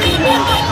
Yes!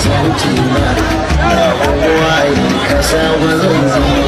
zanki na na kowa in kasa zama